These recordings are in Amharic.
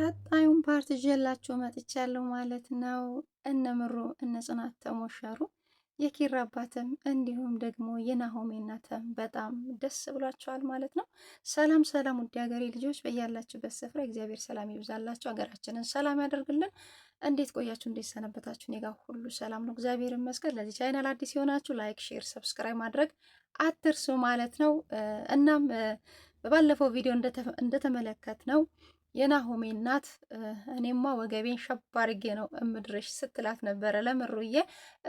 ቀጣዩን ፓርት ይዤላችሁ መጥቻለሁ ማለት ነው። እነ ምሩ እነ ጽናት ተሞሸሩ። የኪራ አባትም እንዲሁም ደግሞ የናሆሜ እናትም በጣም ደስ ብሏቸዋል ማለት ነው። ሰላም ሰላም፣ ውድ ሀገሬ ልጆች በያላችሁበት ስፍራ እግዚአብሔር ሰላም ይብዛላችሁ፣ ሀገራችንን ሰላም ያደርግልን። እንዴት ቆያችሁ? እንዴት ሰነበታችሁ? እኔ ጋር ሁሉ ሰላም ነው፣ እግዚአብሔር ይመስገን። ለዚህ ቻይናል አዲስ የሆናችሁ ላይክ፣ ሼር፣ ሰብስክራይብ ማድረግ አትርሱ ማለት ነው። እናም በባለፈው ቪዲዮ እንደተመለከት ነው የናሆሜ እናት እኔማ ወገቤን ሸባርጌ ነው እምድርሽ ስትላት ነበረ ለምሩዬ።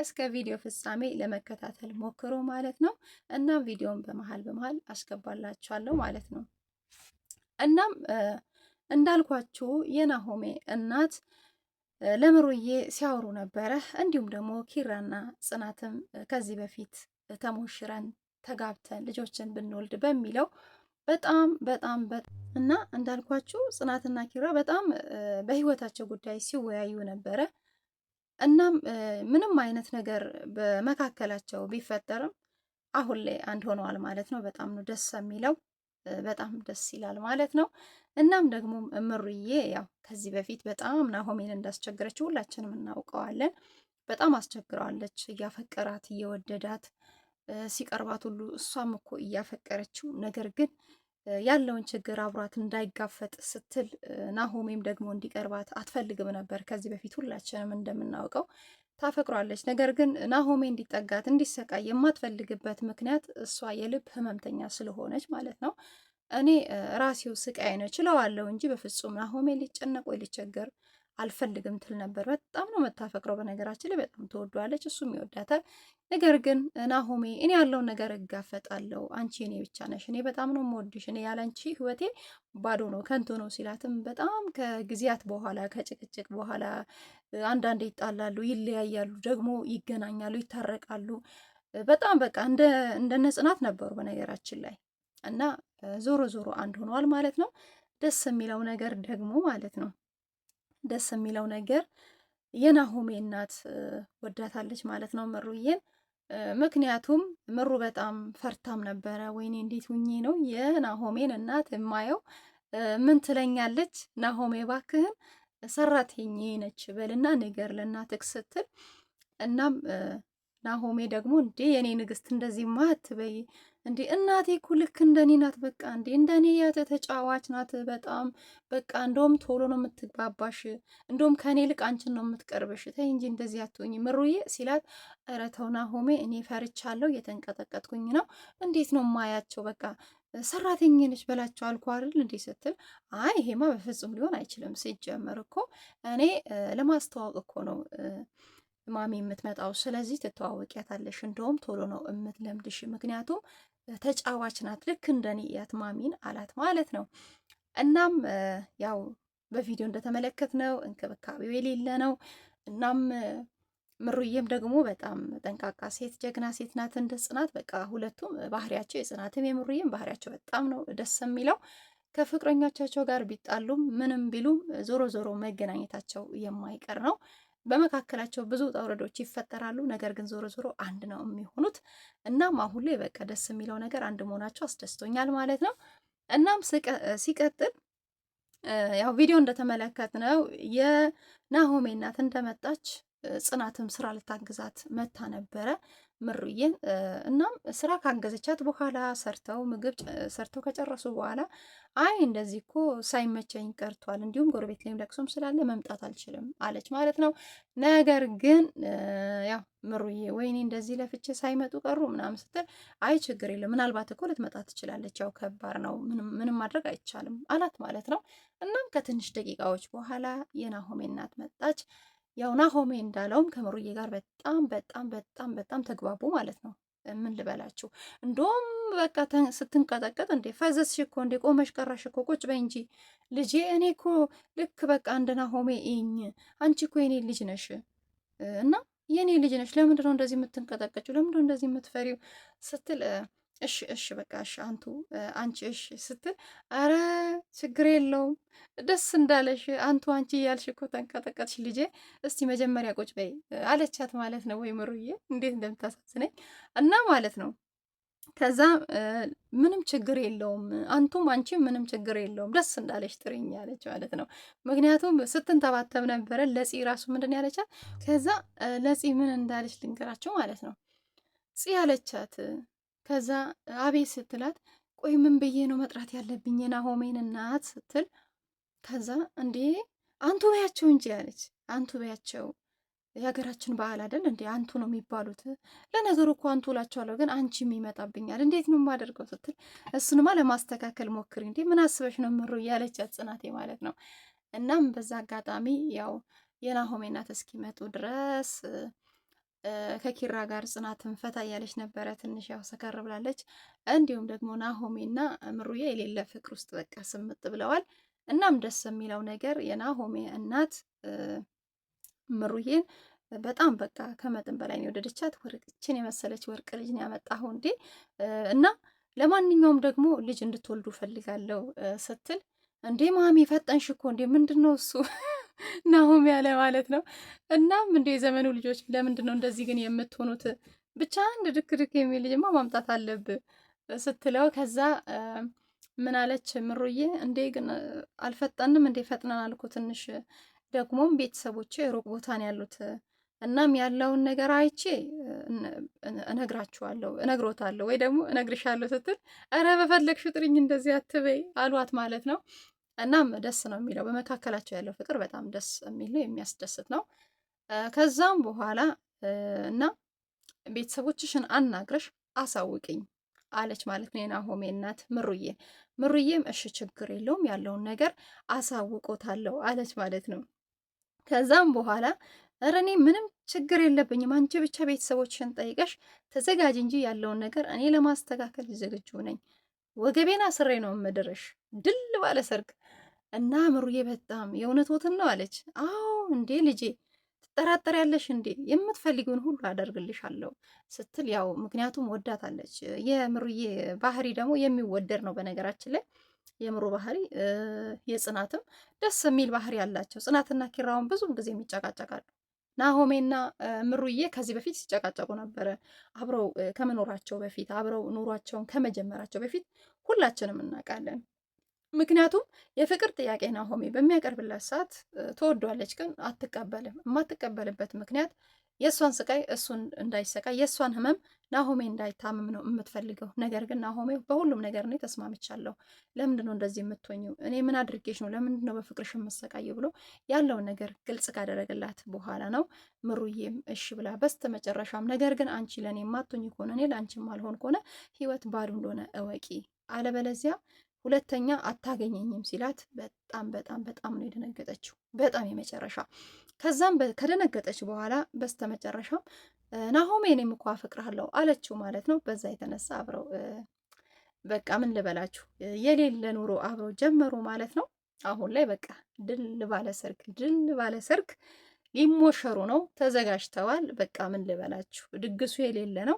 እስከ ቪዲዮ ፍጻሜ ለመከታተል ሞክሮ ማለት ነው። እናም ቪዲዮን በመሀል በመሀል አስገባላችኋለሁ ማለት ነው። እናም እንዳልኳችሁ የናሆሜ እናት ለምሩዬ ሲያወሩ ነበረ። እንዲሁም ደግሞ ኪራና ጽናትም ከዚህ በፊት ተሞሽረን ተጋብተን ልጆችን ብንወልድ በሚለው በጣም በጣም እና እንዳልኳችሁ ጽናትና ኪራ በጣም በህይወታቸው ጉዳይ ሲወያዩ ነበረ። እናም ምንም አይነት ነገር በመካከላቸው ቢፈጠርም አሁን ላይ አንድ ሆነዋል ማለት ነው። በጣም ነው ደስ የሚለው፣ በጣም ደስ ይላል ማለት ነው። እናም ደግሞ እምሩዬ ያው ከዚህ በፊት በጣም ናሆሜን እንዳስቸገረችው ሁላችንም እናውቀዋለን። በጣም አስቸግረዋለች፣ እያፈቀራት እየወደዳት ሲቀርባት ሁሉ እሷም እኮ እያፈቀረችው ነገር ግን ያለውን ችግር አብሯት እንዳይጋፈጥ ስትል ናሆሜም ደግሞ እንዲቀርባት አትፈልግም ነበር። ከዚህ በፊት ሁላችንም እንደምናውቀው ታፈቅሯለች። ነገር ግን ናሆሜ እንዲጠጋት እንዲሰቃይ የማትፈልግበት ምክንያት እሷ የልብ ህመምተኛ ስለሆነች ማለት ነው። እኔ ራሴው ስቃይ ነው ችለዋለሁ እንጂ በፍጹም ናሆሜ ሊጨነቅ ወይ ሊቸገር አልፈልግም ትል ነበር። በጣም ነው የምታፈቅረው። በነገራችን ላይ በጣም ትወዷለች፣ እሱም ይወዳታል። ነገር ግን ናሆሜ እኔ ያለውን ነገር እጋፈጣለሁ፣ አንቺ እኔ ብቻ ነሽ፣ እኔ በጣም ነው የምወድሽ፣ እኔ ያለንቺ ህይወቴ ባዶ ነው ከንቱ ነው ሲላትም በጣም ከጊዜያት በኋላ ከጭቅጭቅ በኋላ አንዳንድ ይጣላሉ፣ ይለያያሉ፣ ደግሞ ይገናኛሉ፣ ይታረቃሉ። በጣም በቃ እንደነ ጽናት ነበሩ በነገራችን ላይ እና ዞሮ ዞሮ አንድ ሆነዋል ማለት ነው። ደስ የሚለው ነገር ደግሞ ማለት ነው ደስ የሚለው ነገር የናሆሜ እናት ወዳታለች ማለት ነው ምሩዬን። ምክንያቱም ምሩ በጣም ፈርታም ነበረ። ወይኔ እንዴት ሁኜ ነው የናሆሜን እናት የማየው? ምን ትለኛለች? ናሆሜ ባክህን ሰራተኛዬ ነች በልና ንገር ለእናትህ ስትል እናም ናሆሜ ደግሞ እንዴ የኔ ንግስት እንደዚህ እንደዚህማ አትበይ እንዴ እናቴ እኮ ልክ እንደኔ ናት። በቃ እንዴ እንደኔ ያተ ተጫዋች ናት በጣም በቃ እንደውም ቶሎ ነው የምትግባባሽ፣ እንደውም ከእኔ ልቅ አንቺን ነው የምትቀርብሽ። ተይ እንጂ እንደዚህ አትሆኝ ምሩዬ ሲላት፣ ኧረ ተው ናሆሜ እኔ ፈርቻለሁ እየተንቀጠቀጥኩኝ ነው። እንዴት ነው ማያቸው በቃ ሰራተኛ ነች በላቸው አልኩ አይደል እንዴ ስትል፣ አይ ይሄማ በፍጹም ሊሆን አይችልም። ሲጀመር እኮ እኔ ለማስተዋወቅ እኮ ነው ማሚ የምትመጣው ስለዚህ ትተዋወቂያታለሽ። እንደውም ቶሎ ነው የምትለምድሽ ምክንያቱም ተጫዋች ናት፣ ልክ እንደኔ እያት ማሚን አላት ማለት ነው። እናም ያው በቪዲዮ እንደተመለከትነው እንክብካቤው የሌለ ነው። እናም ምሩዬም ደግሞ በጣም ጠንቃቃ ሴት፣ ጀግና ሴት ናት እንደ ጽናት። በቃ ሁለቱም ባህሪያቸው የጽናትም የምሩዬም ባህሪያቸው በጣም ነው ደስ የሚለው። ከፍቅረኞቻቸው ጋር ቢጣሉም ምንም ቢሉም ዞሮ ዞሮ መገናኘታቸው የማይቀር ነው። በመካከላቸው ብዙ ውጣ ውረዶች ይፈጠራሉ። ነገር ግን ዞሮ ዞሮ አንድ ነው የሚሆኑት። እናም አሁን ላይ በቃ ደስ የሚለው ነገር አንድ መሆናቸው አስደስቶኛል ማለት ነው። እናም ሲቀጥል ያው ቪዲዮ እንደተመለከትነው የናሆሜ እናት እንደመጣች ጽናትም ስራ ልታግዛት መታ ነበረ። ምሩዬ እናም ስራ ካንገዘቻት በኋላ ሰርተው ምግብ ሰርተው ከጨረሱ በኋላ አይ እንደዚህ እኮ ሳይመቸኝ ቀርቷል፣ እንዲሁም ጎረቤት ላይም ለቅሶም ስላለ መምጣት አልችልም አለች ማለት ነው። ነገር ግን ያው ምሩዬ ወይኔ እንደዚህ ለፍቼ ሳይመጡ ቀሩ ምናምን ስትል አይ ችግር የለም ምናልባት እኮ ልትመጣ ትችላለች፣ ያው ከባድ ነው፣ ምንም ማድረግ አይቻልም አላት ማለት ነው። እናም ከትንሽ ደቂቃዎች በኋላ የናሆሜ እናት መጣች። ያው ናሆሜ እንዳለውም ከምሩዬ ጋር በጣም በጣም በጣም በጣም ተግባቡ ማለት ነው። ምን ልበላችሁ እንደውም በቃ ስትንቀጠቀጥ እንዴ ፈዘዝሽ እኮ እንዴ ቆመሽ ቀራሽ እኮ ቁጭ በይ እንጂ ልጄ፣ እኔ እኮ ልክ በቃ እንደ ናሆሜ እኝ አንቺ እኮ የኔ ልጅ ነሽ እና የኔ ልጅ ነሽ፣ ለምንድነው እንደዚህ የምትንቀጠቀጭው? ለምንድነው እንደዚህ የምትፈሪው? ስትል እሺ እሺ በቃ እሺ አንቱ አንቺ እሺ ስትል፣ አረ ችግር የለውም ደስ እንዳለሽ አንቱ አንቺ እያልሽ እኮ ተንቀጠቀጥሽ ልጄ። እስቲ መጀመሪያ ቁጭ በይ አለቻት ማለት ነው። ወይ ምሩዬ እንዴት እንደምታሳዝነኝ እና ማለት ነው። ከዛ ምንም ችግር የለውም አንቱም አንቺም ምንም ችግር የለውም ደስ እንዳለሽ ጥሪኝ ያለች ማለት ነው። ምክንያቱም ስትንተባተብ ነበረ ለፂ ራሱ ምንድን ያለቻት። ከዛ ለፂ ምን እንዳለች ልንገራቸው ማለት ነው። ፂ ያለቻት ከዛ አቤት ስትላት ቆይ ምን ብዬ ነው መጥራት ያለብኝ የናሆሜን እናት ስትል ከዛ እንዴ አንቱ በያቸው እንጂ አለች አንቱ በያቸው የሀገራችን ባህል አይደል እንዴ አንቱ ነው የሚባሉት ለነገሩ እኮ አንቱ እላቸዋለሁ ግን አንቺም ይመጣብኛል እንዴት ነው የማደርገው ስትል እሱንማ ለማስተካከል ሞክሪ እንዴ ምን አስበሽ ነው ምሩ እያለች ጽናቴ ማለት ነው እናም በዛ አጋጣሚ ያው የናሆሜ እናት እስኪመጡ ድረስ ከኪራ ጋር ጽናትን ፈታ እያለች ነበረ። ትንሽ ያው ሰከር ብላለች። እንዲሁም ደግሞ ናሆሜና ምሩዬ የሌለ ፍቅር ውስጥ በቃ ስምጥ ብለዋል። እናም ደስ የሚለው ነገር የናሆሜ እናት ምሩዬን በጣም በቃ ከመጠን በላይ ነው የወደደቻት። ወርቅችን የመሰለች ወርቅ ልጅ ነው ያመጣሁ እንዴ! እና ለማንኛውም ደግሞ ልጅ እንድትወልዱ ፈልጋለሁ ስትል እንዴ ማሚ ፈጠንሽ እኮ እንዴ ምንድን ነው እሱ ናሁም ያለ ማለት ነው። እናም እንደ የዘመኑ ልጆች ለምንድን ነው እንደዚህ ግን የምትሆኑት? ብቻ አንድ ድክ ድክ የሚል ልጅማ ማምጣት አለብህ ስትለው ከዛ ምን አለች ምሩዬ፣ እንዴ ግን አልፈጠንም እንዴ? ፈጥነን አልኩ ትንሽ ደግሞም ቤተሰቦቼ ሩቅ ቦታ ነው ያሉት። እናም ያለውን ነገር አይቼ እነግራችኋለሁ፣ እነግሮታለሁ ወይ ደግሞ እነግርሻለሁ ስትል ኧረ በፈለግሽ ጥሪኝ እንደዚህ አትበይ አሏት ማለት ነው። እናም ደስ ነው የሚለው በመካከላቸው ያለው ፍቅር በጣም ደስ የሚል ነው፣ የሚያስደስት ነው። ከዛም በኋላ እና ቤተሰቦችሽን አናግረሽ አሳውቅኝ አለች ማለት ነው የናሆሜ እናት ምሩዬ። ምሩዬም እሺ ችግር የለውም ያለውን ነገር አሳውቆታለሁ አለች ማለት ነው። ከዛም በኋላ ኧረ እኔ ምንም ችግር የለብኝም አንቺ ብቻ ቤተሰቦችሽን ጠይቀሽ ተዘጋጅ እንጂ ያለውን ነገር እኔ ለማስተካከል ዝግጁ ነኝ ወገቤን አስሬ ነው መድረሽ ድል ባለ ሰርግ እና ምሩዬ በጣም የእውነት ወትን ነው አለች። አዎ እንዴ ልጄ ያለሽ እንዴ? የምትፈልጊውን ሁሉ አደርግልሻለሁ ስትል ያው ምክንያቱም ወዳታለች። የምሩዬ ባህሪ ደግሞ የሚወደድ ነው። በነገራችን ላይ የምሩ ባህሪ የጽናትም ደስ የሚል ባህሪ ያላቸው ጽናትና ኪራውን ብዙም ጊዜ የሚጨቃጨቃሉ። ናሆሜና ምሩዬ ከዚህ በፊት ሲጨቃጨቁ ነበረ። አብረው ከመኖራቸው በፊት አብረው ኑሯቸውን ከመጀመራቸው በፊት ሁላችንም እናውቃለን። ምክንያቱም የፍቅር ጥያቄ ናሆሜ በሚያቀርብላት ሰዓት ትወዷለች፣ ግን አትቀበልም። የማትቀበልበት ምክንያት የእሷን ስቃይ እሱን እንዳይሰቃይ የእሷን ህመም ናሆሜ እንዳይታምም ነው የምትፈልገው። ነገር ግን ናሆሜ በሁሉም ነገር እኔ ተስማምቻለሁ፣ ለምንድን ነው እንደዚህ የምትሆኝው? እኔ ምን አድርጌሽ ነው? ለምንድን ነው በፍቅርሽ የምሰቃየው? ብሎ ያለውን ነገር ግልጽ ካደረገላት በኋላ ነው ምሩዬም እሺ ብላ በስተ መጨረሻም ነገር ግን አንቺ ለእኔ የማትሆኝ ከሆነ እኔ ለአንቺም አልሆን ከሆነ ህይወት ባዶ እንደሆነ እወቂ፣ አለበለዚያ ሁለተኛ አታገኘኝም ሲላት በጣም በጣም በጣም ነው የደነገጠችው። በጣም የመጨረሻ ከዛም ከደነገጠች በኋላ በስተመጨረሻም ናሆሜ እኔም እኮ አፈቅርሃለሁ አለችው ማለት ነው። በዛ የተነሳ አብረው በቃ ምን ልበላችሁ የሌለ ኑሮ አብረው ጀመሩ ማለት ነው። አሁን ላይ በቃ ድል ባለ ሰርግ ድል ባለ ሰርግ ሊሞሸሩ ነው፣ ተዘጋጅተዋል። በቃ ምን ልበላችሁ ድግሱ የሌለ ነው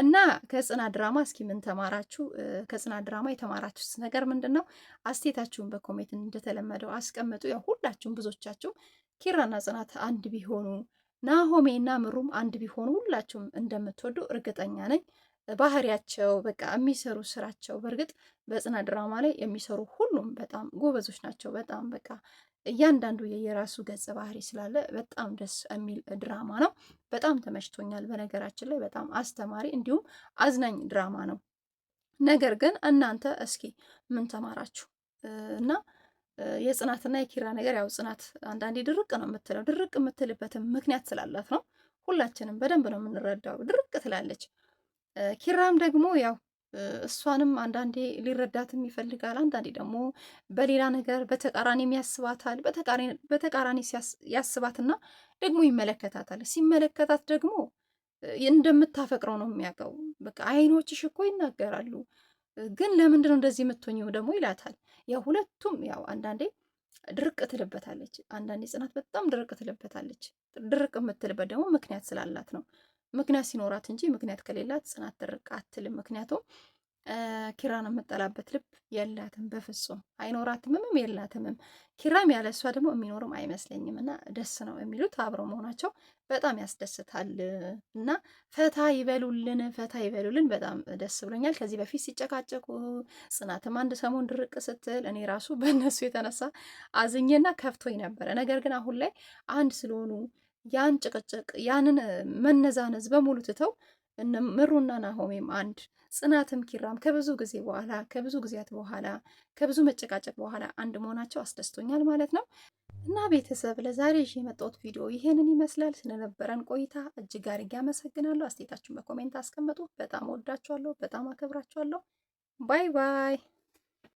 እና ከጽናት ድራማ እስኪ ምን ተማራችሁ? ከጽናት ድራማ የተማራችሁት ነገር ምንድን ነው? አስቴታችሁን በኮሜንት እንደተለመደው አስቀምጡ። ያው ሁላችሁም ብዙዎቻችሁ ኪራና ጽናት አንድ ቢሆኑ ናሆሜ እና ምሩም አንድ ቢሆኑ ሁላችሁም እንደምትወዱ እርግጠኛ ነኝ። ባህሪያቸው በቃ የሚሰሩ ስራቸው በእርግጥ በጽና ድራማ ላይ የሚሰሩ ሁሉም በጣም ጎበዞች ናቸው። በጣም በቃ እያንዳንዱ የየራሱ ገጸ ባህሪ ስላለ በጣም ደስ የሚል ድራማ ነው። በጣም ተመችቶኛል። በነገራችን ላይ በጣም አስተማሪ እንዲሁም አዝናኝ ድራማ ነው። ነገር ግን እናንተ እስኪ ምን ተማራችሁ እና የጽናትና የኪራ ነገር ያው ጽናት አንዳንዴ ድርቅ ነው የምትለው። ድርቅ የምትልበትም ምክንያት ስላላት ነው። ሁላችንም በደንብ ነው የምንረዳው። ድርቅ ትላለች። ኪራም ደግሞ ያው እሷንም አንዳንዴ ሊረዳትም ይፈልጋል፣ አንዳንዴ ደግሞ በሌላ ነገር በተቃራኒም ያስባታል። በተቃራኒ ያስባትና ደግሞ ይመለከታታል። ሲመለከታት ደግሞ እንደምታፈቅረው ነው የሚያውቀው። በቃ አይኖችሽ እኮ ይናገራሉ ግን ለምንድን ነው እንደዚህ የምትሆኝው ደግሞ ይላታል። ያው ሁለቱም ያው አንዳንዴ ድርቅ ትልበታለች፣ አንዳንዴ ጽናት በጣም ድርቅ ትልበታለች። ድርቅ የምትልበት ደግሞ ምክንያት ስላላት ነው። ምክንያት ሲኖራት እንጂ ምክንያት ከሌላት ጽናት ድርቅ አትልም። ምክንያቱም ኪራን የምጠላበት ልብ የላትም፣ በፍጹም አይኖራትምም፣ የላትምም። ኪራም ያለ እሷ ደግሞ የሚኖርም አይመስለኝም። እና ደስ ነው የሚሉት አብረው መሆናቸው በጣም ያስደስታል። እና ፈታ ይበሉልን፣ ፈታ ይበሉልን። በጣም ደስ ብሎኛል። ከዚህ በፊት ሲጨቃጨቁ ጽናትም አንድ ሰሞን ድርቅ ስትል እኔ ራሱ በእነሱ የተነሳ አዝኜና ከፍቶኝ ነበረ። ነገር ግን አሁን ላይ አንድ ስለሆኑ ያን ጭቅጭቅ ያንን መነዛነዝ በሙሉ ትተው እነ ምሩና ናሆሜም አንድ ጽናትም ኪራም ከብዙ ጊዜ በኋላ ከብዙ ጊዜያት በኋላ ከብዙ መጨቃጨቅ በኋላ አንድ መሆናቸው አስደስቶኛል ማለት ነው። እና ቤተሰብ ለዛሬ ይዤ የመጣሁት ቪዲዮ ይሄንን ይመስላል። ስለነበረን ቆይታ እጅግ አድርጌ አመሰግናለሁ። አስተያየታችሁን በኮሜንት አስቀምጡ። በጣም ወዳችኋለሁ፣ በጣም አከብራችኋለሁ። ባይ ባይ